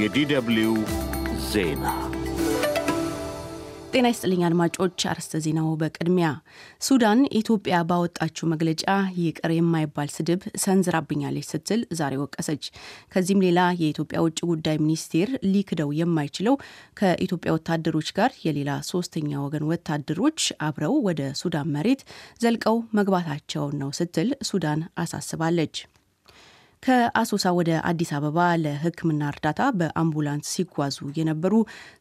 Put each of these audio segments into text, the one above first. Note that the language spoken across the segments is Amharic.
የዲደብልዩ ዜና ጤና ይስጥልኝ አድማጮች። አርስተ ዜናው በቅድሚያ ሱዳን ኢትዮጵያ ባወጣችው መግለጫ ይቅር የማይባል ስድብ ሰንዝራብኛለች ስትል ዛሬ ወቀሰች። ከዚህም ሌላ የኢትዮጵያ ውጭ ጉዳይ ሚኒስቴር ሊክደው የማይችለው ከኢትዮጵያ ወታደሮች ጋር የሌላ ሶስተኛ ወገን ወታደሮች አብረው ወደ ሱዳን መሬት ዘልቀው መግባታቸውን ነው ስትል ሱዳን አሳስባለች። ከአሶሳ ወደ አዲስ አበባ ለሕክምና እርዳታ በአምቡላንስ ሲጓዙ የነበሩ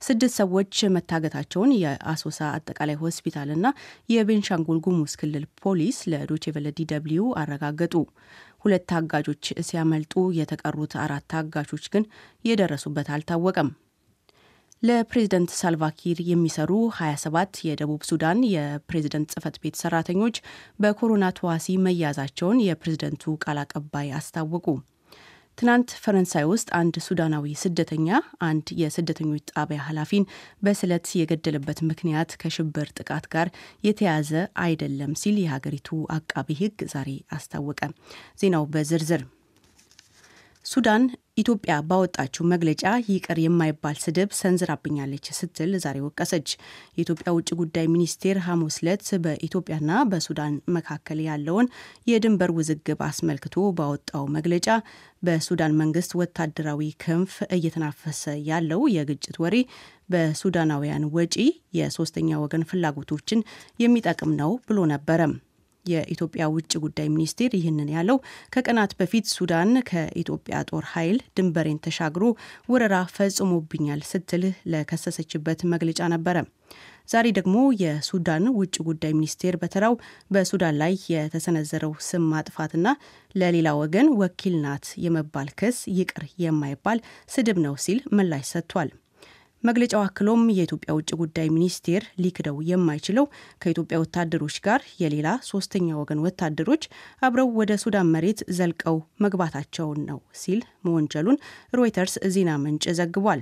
ስድስት ሰዎች መታገታቸውን የአሶሳ አጠቃላይ ሆስፒታልና የቤንሻንጉል ጉሙዝ ክልል ፖሊስ ለዶቼቨለ ቬለ አረጋገጡ። ሁለት ታጋጆች ሲያመልጡ የተቀሩት አራት ታጋቾች ግን የደረሱበት አልታወቀም። ለፕሬዝደንት ሳልቫኪር የሚሰሩ 27 የደቡብ ሱዳን የፕሬዝደንት ጽህፈት ቤት ሰራተኞች በኮሮና ተዋሲ መያዛቸውን የፕሬዝደንቱ ቃል አቀባይ አስታወቁ። ትናንት ፈረንሳይ ውስጥ አንድ ሱዳናዊ ስደተኛ አንድ የስደተኞች ጣቢያ ኃላፊን በስለት የገደለበት ምክንያት ከሽብር ጥቃት ጋር የተያዘ አይደለም ሲል የሀገሪቱ አቃቢ ሕግ ዛሬ አስታወቀ። ዜናው በዝርዝር ሱዳን ኢትዮጵያ ባወጣችው መግለጫ ይቅር የማይባል ስድብ ሰንዝራብኛለች ስትል ዛሬ ወቀሰች። የኢትዮጵያ ውጭ ጉዳይ ሚኒስቴር ሐሙስ ዕለት በኢትዮጵያና በሱዳን መካከል ያለውን የድንበር ውዝግብ አስመልክቶ ባወጣው መግለጫ በሱዳን መንግስት ወታደራዊ ክንፍ እየተናፈሰ ያለው የግጭት ወሬ በሱዳናውያን ወጪ የሶስተኛ ወገን ፍላጎቶችን የሚጠቅም ነው ብሎ ነበረም። የኢትዮጵያ ውጭ ጉዳይ ሚኒስቴር ይህንን ያለው ከቀናት በፊት ሱዳን ከኢትዮጵያ ጦር ኃይል ድንበሬን ተሻግሮ ወረራ ፈጽሞብኛል ስትል ለከሰሰችበት መግለጫ ነበረ። ዛሬ ደግሞ የሱዳን ውጭ ጉዳይ ሚኒስቴር በተራው በሱዳን ላይ የተሰነዘረው ስም ማጥፋትና ለሌላ ወገን ወኪል ናት የመባል ክስ ይቅር የማይባል ስድብ ነው ሲል ምላሽ ሰጥቷል። መግለጫው አክሎም የኢትዮጵያ ውጭ ጉዳይ ሚኒስቴር ሊክደው የማይችለው ከኢትዮጵያ ወታደሮች ጋር የሌላ ሶስተኛ ወገን ወታደሮች አብረው ወደ ሱዳን መሬት ዘልቀው መግባታቸውን ነው ሲል መወንጀሉን ሮይተርስ ዜና ምንጭ ዘግቧል።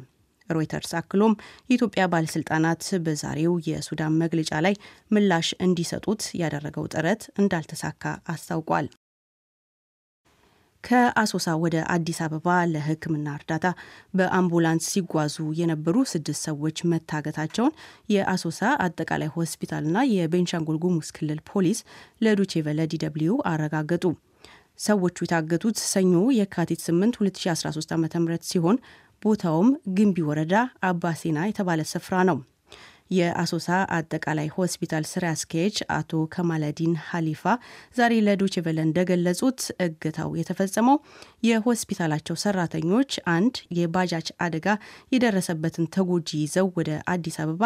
ሮይተርስ አክሎም የኢትዮጵያ ባለስልጣናት በዛሬው የሱዳን መግለጫ ላይ ምላሽ እንዲሰጡት ያደረገው ጥረት እንዳልተሳካ አስታውቋል። ከአሶሳ ወደ አዲስ አበባ ለሕክምና እርዳታ በአምቡላንስ ሲጓዙ የነበሩ ስድስት ሰዎች መታገታቸውን የአሶሳ አጠቃላይ ሆስፒታልና የቤንሻንጉል ጉሙዝ ክልል ፖሊስ ለዱቼቨለ ዲደብልዩ አረጋገጡ። ሰዎቹ የታገቱት ሰኞ የካቲት 8 2013 ዓ ም ሲሆን ቦታውም ግንቢ ወረዳ አባሴና የተባለ ስፍራ ነው። የአሶሳ አጠቃላይ ሆስፒታል ስራ አስኪያጅ አቶ ከማለዲን ሀሊፋ ዛሬ ለዶችቨለ እንደገለጹት እገታው የተፈጸመው የሆስፒታላቸው ሰራተኞች አንድ የባጃጅ አደጋ የደረሰበትን ተጎጂ ይዘው ወደ አዲስ አበባ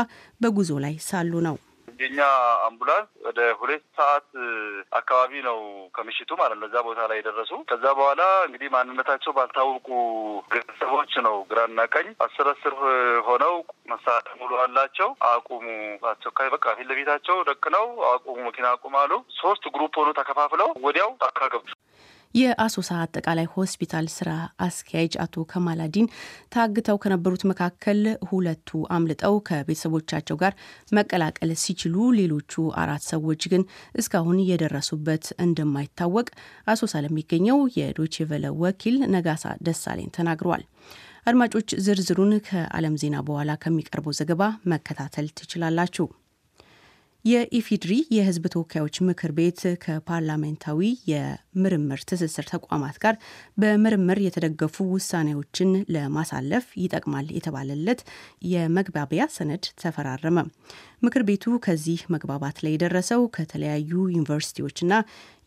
በጉዞ ላይ ሳሉ ነው። የኛ አምቡላንስ ወደ ሁለት ሰዓት አካባቢ ነው ከምሽቱ ማለት ነው እዛ ቦታ ላይ የደረሱ። ከዛ በኋላ እንግዲህ ማንነታቸው ባልታወቁ ግለሰቦች ነው ግራና ቀኝ አስር አስር ሆነው መሳሪያ ሙሉ አላቸው። አቁሙ አስቸኳይ በቃ ፊት ለፊታቸው ደቅነው አቁሙ መኪና አቁም አሉ። ሶስት ግሩፕ ሆኖ ተከፋፍለው ወዲያው ጫካ ገቡ። የአሶሳ አጠቃላይ ሆስፒታል ስራ አስኪያጅ አቶ ከማላዲን ታግተው ከነበሩት መካከል ሁለቱ አምልጠው ከቤተሰቦቻቸው ጋር መቀላቀል ሲችሉ ሌሎቹ አራት ሰዎች ግን እስካሁን የደረሱበት እንደማይታወቅ አሶሳ ለሚገኘው የዶይቼ ወኪል ነጋሳ ደሳለኝ ተናግረዋል። አድማጮች ዝርዝሩን ከዓለም ዜና በኋላ ከሚቀርበው ዘገባ መከታተል ትችላላችሁ። የኢፊድሪ የህዝብ ተወካዮች ምክር ቤት ከፓርላሜንታዊ ምርምር ትስስር ተቋማት ጋር በምርምር የተደገፉ ውሳኔዎችን ለማሳለፍ ይጠቅማል የተባለለት የመግባቢያ ሰነድ ተፈራረመ። ምክር ቤቱ ከዚህ መግባባት ላይ የደረሰው ከተለያዩ ዩኒቨርሲቲዎችና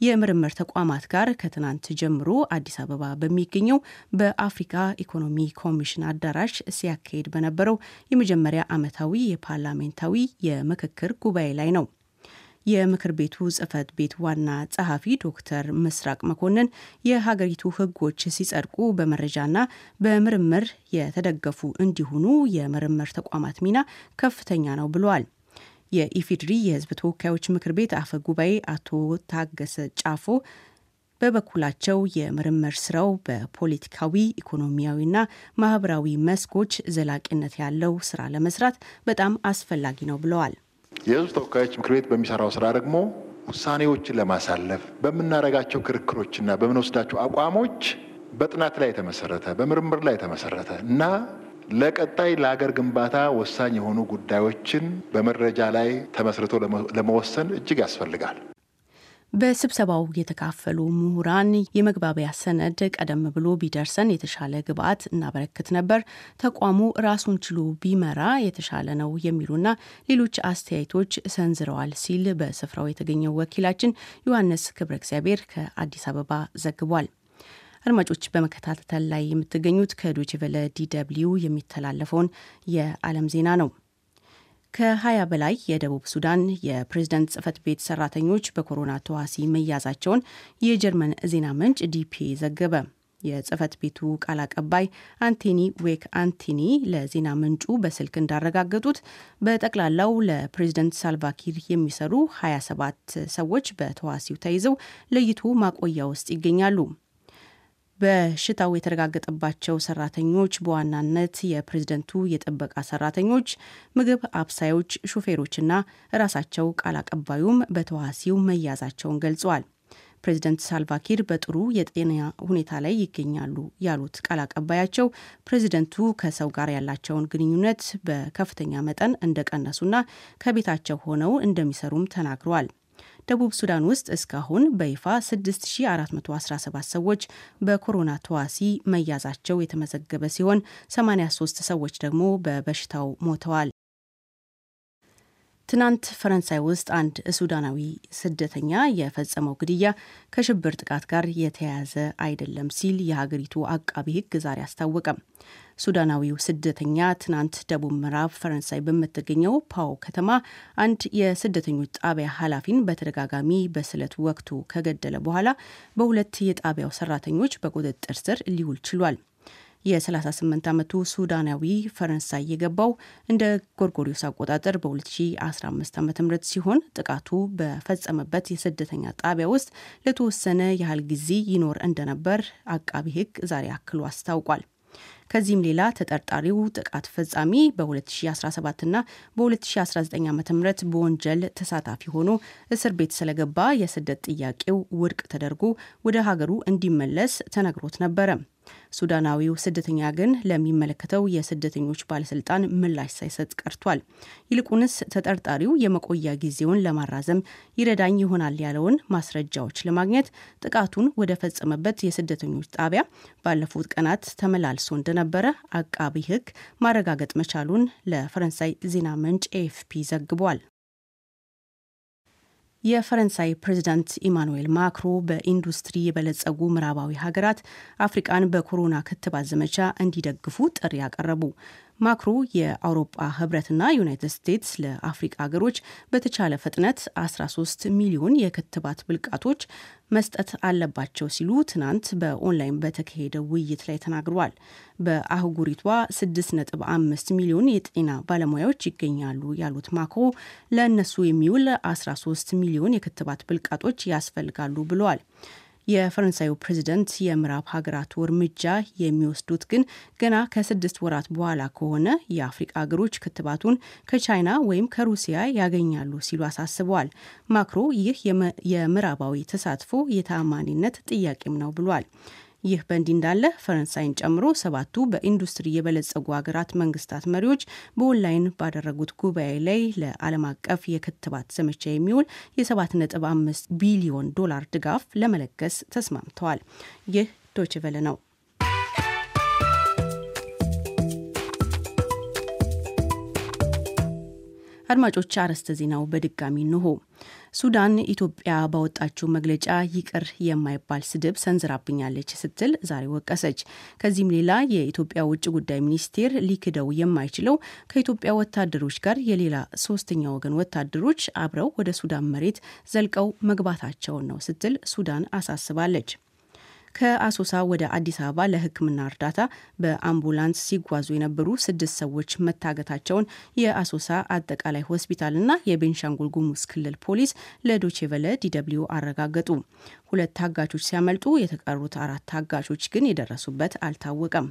የምርምር ተቋማት ጋር ከትናንት ጀምሮ አዲስ አበባ በሚገኘው በአፍሪካ ኢኮኖሚ ኮሚሽን አዳራሽ ሲያካሄድ በነበረው የመጀመሪያ ዓመታዊ የፓርላሜንታዊ የምክክር ጉባኤ ላይ ነው። የምክር ቤቱ ጽህፈት ቤት ዋና ጸሐፊ ዶክተር ምስራቅ መኮንን የሀገሪቱ ህጎች ሲጸድቁ በመረጃና በምርምር የተደገፉ እንዲሆኑ የምርምር ተቋማት ሚና ከፍተኛ ነው ብለዋል። የኢፌድሪ የህዝብ ተወካዮች ምክር ቤት አፈ ጉባኤ አቶ ታገሰ ጫፎ በበኩላቸው የምርምር ስራው በፖለቲካዊ ኢኮኖሚያዊና ማህበራዊ መስኮች ዘላቂነት ያለው ስራ ለመስራት በጣም አስፈላጊ ነው ብለዋል። የህዝብ ተወካዮች ምክር ቤት በሚሰራው ስራ ደግሞ ውሳኔዎችን ለማሳለፍ በምናደርጋቸው ክርክሮችና በምንወስዳቸው አቋሞች በጥናት ላይ የተመሰረተ በምርምር ላይ የተመሰረተ እና ለቀጣይ ለሀገር ግንባታ ወሳኝ የሆኑ ጉዳዮችን በመረጃ ላይ ተመስርቶ ለመወሰን እጅግ ያስፈልጋል። በስብሰባው የተካፈሉ ምሁራን የመግባቢያ ሰነድ ቀደም ብሎ ቢደርሰን የተሻለ ግብዓት እናበረክት ነበር፣ ተቋሙ ራሱን ችሎ ቢመራ የተሻለ ነው የሚሉና ሌሎች አስተያየቶች ሰንዝረዋል ሲል በስፍራው የተገኘው ወኪላችን ዮሐንስ ክብረ እግዚአብሔር ከአዲስ አበባ ዘግቧል። አድማጮች በመከታተል ላይ የምትገኙት ከዶችቨለ ዲ ደብልዩ የሚተላለፈውን የዓለም ዜና ነው። ከ20 በላይ የደቡብ ሱዳን የፕሬዝደንት ጽህፈት ቤት ሰራተኞች በኮሮና ተዋሲ መያዛቸውን የጀርመን ዜና ምንጭ ዲፒ ዘገበ። የጽህፈት ቤቱ ቃል አቀባይ አንቶኒ ዌክ አንቲኒ ለዜና ምንጩ በስልክ እንዳረጋገጡት በጠቅላላው ለፕሬዝደንት ሳልቫኪር የሚሰሩ 27 ሰዎች በተዋሲው ተይዘው ለይቶ ማቆያ ውስጥ ይገኛሉ። በሽታው የተረጋገጠባቸው ሰራተኞች በዋናነት የፕሬዝደንቱ የጥበቃ ሰራተኞች፣ ምግብ አብሳዮች፣ ሹፌሮችና ራሳቸው ቃል አቀባዩም በተዋሲው መያዛቸውን ገልጸዋል። ፕሬዚደንት ሳልቫኪር በጥሩ የጤና ሁኔታ ላይ ይገኛሉ ያሉት ቃል አቀባያቸው ፕሬዚደንቱ ከሰው ጋር ያላቸውን ግንኙነት በከፍተኛ መጠን እንደቀነሱና ከቤታቸው ሆነው እንደሚሰሩም ተናግረዋል። ደቡብ ሱዳን ውስጥ እስካሁን በይፋ 6417 ሰዎች በኮሮና ተዋሲ መያዛቸው የተመዘገበ ሲሆን 83 ሰዎች ደግሞ በበሽታው ሞተዋል። ትናንት ፈረንሳይ ውስጥ አንድ ሱዳናዊ ስደተኛ የፈጸመው ግድያ ከሽብር ጥቃት ጋር የተያያዘ አይደለም ሲል የሀገሪቱ አቃቢ ሕግ ዛሬ አስታወቀም። ሱዳናዊው ስደተኛ ትናንት ደቡብ ምዕራብ ፈረንሳይ በምትገኘው ፓው ከተማ አንድ የስደተኞች ጣቢያ ኃላፊን በተደጋጋሚ በስለት ወቅቱ ከገደለ በኋላ በሁለት የጣቢያው ሰራተኞች በቁጥጥር ስር ሊውል ችሏል። የ38 ዓመቱ ሱዳናዊ ፈረንሳይ የገባው እንደ ጎርጎሪዮስ አቆጣጠር በ2015 ዓ ም ሲሆን ጥቃቱ በፈጸመበት የስደተኛ ጣቢያ ውስጥ ለተወሰነ ያህል ጊዜ ይኖር እንደነበር አቃቢ ህግ ዛሬ አክሎ አስታውቋል። ከዚህም ሌላ ተጠርጣሪው ጥቃት ፈጻሚ በ2017ና በ2019 ዓ ም በወንጀል ተሳታፊ ሆኖ እስር ቤት ስለገባ የስደት ጥያቄው ውድቅ ተደርጎ ወደ ሀገሩ እንዲመለስ ተነግሮት ነበረ። ሱዳናዊው ስደተኛ ግን ለሚመለከተው የስደተኞች ባለስልጣን ምላሽ ሳይሰጥ ቀርቷል። ይልቁንስ ተጠርጣሪው የመቆያ ጊዜውን ለማራዘም ይረዳኝ ይሆናል ያለውን ማስረጃዎች ለማግኘት ጥቃቱን ወደ ፈጸመበት የስደተኞች ጣቢያ ባለፉት ቀናት ተመላልሶ እንደነበረ አቃቢ ሕግ ማረጋገጥ መቻሉን ለፈረንሳይ ዜና ምንጭ ኤኤፍፒ ዘግቧል። የፈረንሳይ ፕሬዚዳንት ኢማኑኤል ማክሮ በኢንዱስትሪ የበለጸጉ ምዕራባዊ ሀገራት አፍሪቃን በኮሮና ክትባት ዘመቻ እንዲደግፉ ጥሪ አቀረቡ። ማክሮ የአውሮፓ ህብረትና ዩናይትድ ስቴትስ ለአፍሪቃ ሀገሮች በተቻለ ፍጥነት 13 ሚሊዮን የክትባት ብልቃቶች መስጠት አለባቸው ሲሉ ትናንት በኦንላይን በተካሄደ ውይይት ላይ ተናግረዋል። በአህጉሪቷ 6.5 ሚሊዮን የጤና ባለሙያዎች ይገኛሉ ያሉት ማክሮ ለእነሱ የሚውል 13 ሚሊዮን የክትባት ብልቃጦች ያስፈልጋሉ ብለዋል። የፈረንሳዩ ፕሬዚደንት የምዕራብ ሀገራቱ እርምጃ የሚወስዱት ግን ገና ከስድስት ወራት በኋላ ከሆነ የአፍሪቃ ሀገሮች ክትባቱን ከቻይና ወይም ከሩሲያ ያገኛሉ ሲሉ አሳስበዋል። ማክሮ ይህ የምዕራባዊ ተሳትፎ የተአማኒነት ጥያቄም ነው ብሏል። ይህ በእንዲህ እንዳለ ፈረንሳይን ጨምሮ ሰባቱ በኢንዱስትሪ የበለጸጉ ሀገራት መንግስታት መሪዎች በኦንላይን ባደረጉት ጉባኤ ላይ ለዓለም አቀፍ የክትባት ዘመቻ የሚውል የ7.5 ቢሊዮን ዶላር ድጋፍ ለመለገስ ተስማምተዋል። ይህ ዶችቨለ ነው። አድማጮች አርዕስተ ዜናው በድጋሚ እንሆ። ሱዳን ኢትዮጵያ ባወጣችው መግለጫ ይቅር የማይባል ስድብ ሰንዝራብኛለች ስትል ዛሬ ወቀሰች። ከዚህም ሌላ የኢትዮጵያ ውጭ ጉዳይ ሚኒስቴር ሊክደው የማይችለው ከኢትዮጵያ ወታደሮች ጋር የሌላ ሶስተኛ ወገን ወታደሮች አብረው ወደ ሱዳን መሬት ዘልቀው መግባታቸውን ነው ስትል ሱዳን አሳስባለች። ከአሶሳ ወደ አዲስ አበባ ለሕክምና እርዳታ በአምቡላንስ ሲጓዙ የነበሩ ስድስት ሰዎች መታገታቸውን የአሶሳ አጠቃላይ ሆስፒታልና የቤንሻንጉል ጉሙዝ ክልል ፖሊስ ለዶቼቨለ ዲደብሊው አረጋገጡ። ሁለት ታጋቾች ሲያመልጡ፣ የተቀሩት አራት ታጋቾች ግን የደረሱበት አልታወቀም።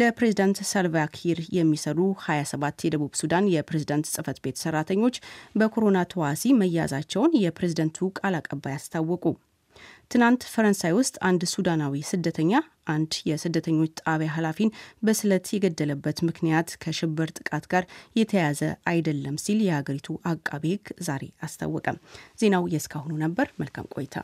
ለፕሬዝዳንት ሳልቫኪር የሚሰሩ 27 የደቡብ ሱዳን የፕሬዝዳንት ጽህፈት ቤት ሰራተኞች በኮሮና ተዋሲ መያዛቸውን የፕሬዝደንቱ ቃል አቀባይ አስታወቁ። ትናንት ፈረንሳይ ውስጥ አንድ ሱዳናዊ ስደተኛ አንድ የስደተኞች ጣቢያ ኃላፊን በስለት የገደለበት ምክንያት ከሽብር ጥቃት ጋር የተያያዘ አይደለም ሲል የሀገሪቱ አቃቤ ሕግ ዛሬ አስታወቀ። ዜናው የእስካሁኑ ነበር። መልካም ቆይታ